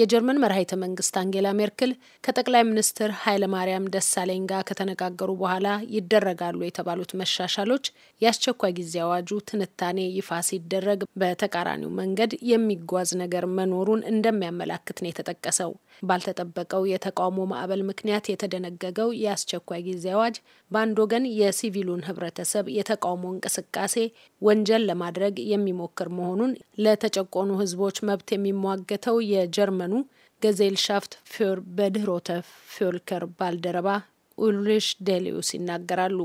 የጀርመን መርሃይተ መንግስት አንጌላ ሜርክል ከጠቅላይ ሚኒስትር ኃይለማርያም ደሳለኝ ጋር ከተነጋገሩ በኋላ ይደረጋሉ የተባሉት መሻሻሎች የአስቸኳይ ጊዜ አዋጁ ትንታኔ ይፋ ሲደረግ በተቃራኒው መንገድ የሚጓዝ ነገር መኖሩን እንደሚያመላክት ነው የተጠቀሰው። ባልተጠበቀው የተቃውሞ ማዕበል ምክንያት የተደነገገው የአስቸኳይ ጊዜ አዋጅ በአንድ ወገን የሲቪሉን ህብረተሰብ የተቃውሞ እንቅስቃሴ ወንጀል ለማድረግ የሚሞክር መሆኑን ለተጨቆኑ ህዝቦች መብት የሚሟገተው የጀርመን የጀርመኑ ገዜልሻፍት ፊዮር በድህሮተ ፊዮልከር ባልደረባ ኡልሪሽ ዴሊዩስ ይናገራሉ።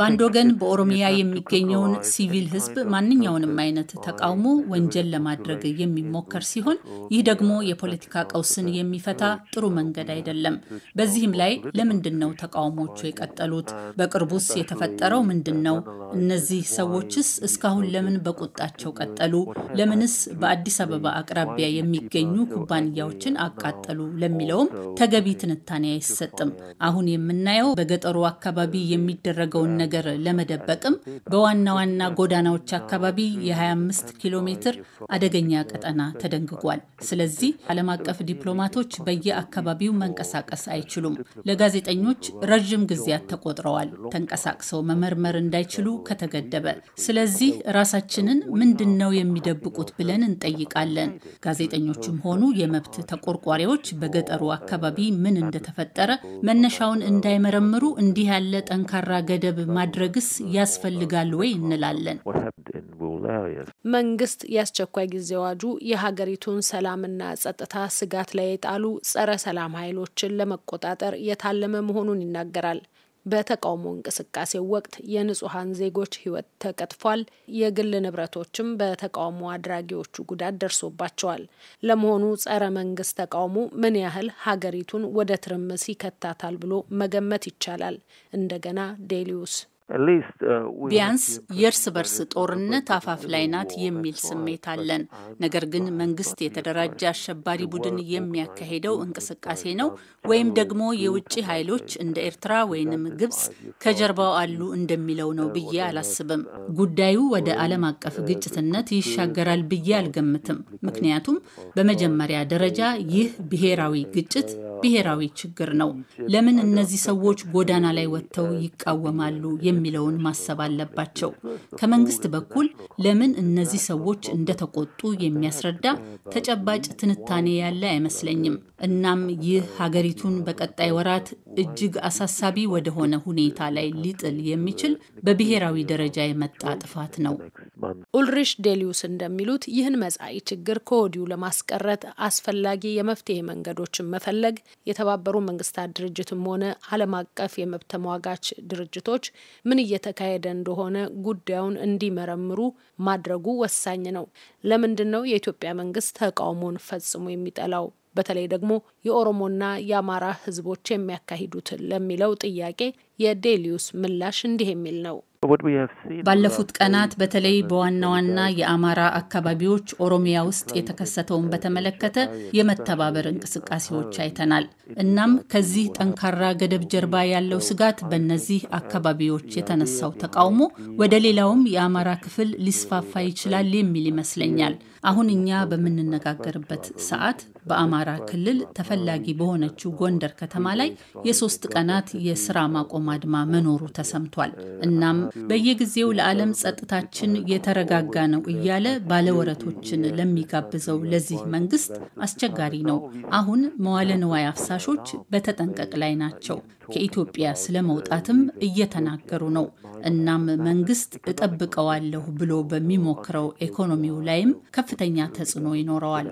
በአንድ ወገን በኦሮሚያ የሚገኘውን ሲቪል ሕዝብ ማንኛውንም አይነት ተቃውሞ ወንጀል ለማድረግ የሚሞከር ሲሆን ይህ ደግሞ የፖለቲካ ቀውስን የሚፈታ ጥሩ መንገድ አይደለም። በዚህም ላይ ለምንድን ነው ተቃውሞቹ የቀጠሉት? በቅርቡስ የተፈጠረው ምንድን ነው? እነዚህ ሰዎችስ እስካሁን ለምን በቁጣቸው ቀጠሉ? ለምንስ በአዲስ አበባ አቅራቢያ የሚገኙ ኩባንያዎችን አቃጠሉ? ለሚለውም ተገቢ ትንታኔ አይሰጥም። አሁን የምናየው በገጠሩ አካባቢ የሚደረገውን ነገር ለመደበቅም በዋና ዋና ጎዳናዎች አካባቢ የ25 ኪሎ ሜትር አደገኛ ቀጠና ተደንግጓል። ስለዚህ ዓለም አቀፍ ዲፕሎማቶች በየአካባቢው መንቀሳቀስ አይችሉም። ለጋዜጠኞች ረዥም ጊዜያት ተቆጥረዋል ተንቀሳቅሰው መመርመር እንዳይችሉ ከተገደበ። ስለዚህ ራሳችንን ምንድን ነው የሚደብቁት ብለን እንጠይቃለን። ጋዜጠኞችም ሆኑ የመብት ተቆርቋሪዎች በገጠሩ አካባቢ ምን እንደተፈጠረ መነሻውን እንዳይመረምሩ እንዲህ ያለ ጠን ጠንካራ ገደብ ማድረግስ ያስፈልጋል ወይ እንላለን። መንግስት የአስቸኳይ ጊዜ አዋጁ የሀገሪቱን ሰላምና ጸጥታ ስጋት ላይ የጣሉ ጸረ ሰላም ኃይሎችን ለመቆጣጠር የታለመ መሆኑን ይናገራል። በተቃውሞ እንቅስቃሴው ወቅት የንጹሐን ዜጎች ሕይወት ተቀጥፏል። የግል ንብረቶችም በተቃውሞ አድራጊዎቹ ጉዳት ደርሶባቸዋል። ለመሆኑ ጸረ መንግስት ተቃውሞ ምን ያህል ሀገሪቱን ወደ ትርምስ ይከታታል ብሎ መገመት ይቻላል? እንደገና ዴሊዩስ Uh, ቢያንስ የእርስ በርስ ጦርነት አፋፍ ላይ ናት የሚል ስሜት አለን። ነገር ግን መንግስት የተደራጀ አሸባሪ ቡድን የሚያካሄደው እንቅስቃሴ ነው ወይም ደግሞ የውጭ ኃይሎች እንደ ኤርትራ ወይንም ግብጽ ከጀርባው አሉ እንደሚለው ነው ብዬ አላስብም። uh, ጉዳዩ ወደ ዓለም uh, አቀፍ ግጭትነት ይሻገራል ብዬ አልገምትም። ምክንያቱም በመጀመሪያ ደረጃ ይህ ብሔራዊ ግጭት ብሔራዊ ችግር ነው። ለምን እነዚህ ሰዎች ጎዳና ላይ ወጥተው ይቃወማሉ የሚለውን ማሰብ አለባቸው። ከመንግስት በኩል ለምን እነዚህ ሰዎች እንደተቆጡ የሚያስረዳ ተጨባጭ ትንታኔ ያለ አይመስለኝም። እናም ይህ ሀገሪቱን በቀጣይ ወራት እጅግ አሳሳቢ ወደሆነ ሁኔታ ላይ ሊጥል የሚችል በብሔራዊ ደረጃ የመጣ ጥፋት ነው። ኡልሪሽ ዴሊዩስ እንደሚሉት ይህን መጻኢ ችግር ከወዲሁ ለማስቀረት አስፈላጊ የመፍትሄ መንገዶችን መፈለግ የተባበሩ መንግስታት ድርጅትም ሆነ ዓለም አቀፍ የመብት ተሟጋች ድርጅቶች ምን እየተካሄደ እንደሆነ ጉዳዩን እንዲመረምሩ ማድረጉ ወሳኝ ነው። ለምንድን ነው የኢትዮጵያ መንግስት ተቃውሞን ፈጽሞ የሚጠላው? በተለይ ደግሞ የኦሮሞና የአማራ ህዝቦች የሚያካሂዱት ለሚለው ጥያቄ የዴሊዩስ ምላሽ እንዲህ የሚል ነው። ባለፉት ቀናት በተለይ በዋና ዋና የአማራ አካባቢዎች ኦሮሚያ ውስጥ የተከሰተውን በተመለከተ የመተባበር እንቅስቃሴዎች አይተናል። እናም ከዚህ ጠንካራ ገደብ ጀርባ ያለው ስጋት በእነዚህ አካባቢዎች የተነሳው ተቃውሞ ወደ ሌላውም የአማራ ክፍል ሊስፋፋ ይችላል የሚል ይመስለኛል። አሁን እኛ በምንነጋገርበት ሰዓት በአማራ ክልል ተፈላጊ በሆነችው ጎንደር ከተማ ላይ የሶስት ቀናት የስራ ማቆም አድማ መኖሩ ተሰምቷል። እናም በየጊዜው ለዓለም ጸጥታችን የተረጋጋ ነው እያለ ባለወረቶችን ለሚጋብዘው ለዚህ መንግስት አስቸጋሪ ነው። አሁን መዋለ ንዋይ አፍሳሽ ተመላሾች በተጠንቀቅ ላይ ናቸው። ከኢትዮጵያ ስለመውጣትም እየተናገሩ ነው። እናም መንግስት እጠብቀዋለሁ ብሎ በሚሞክረው ኢኮኖሚው ላይም ከፍተኛ ተጽዕኖ ይኖረዋል።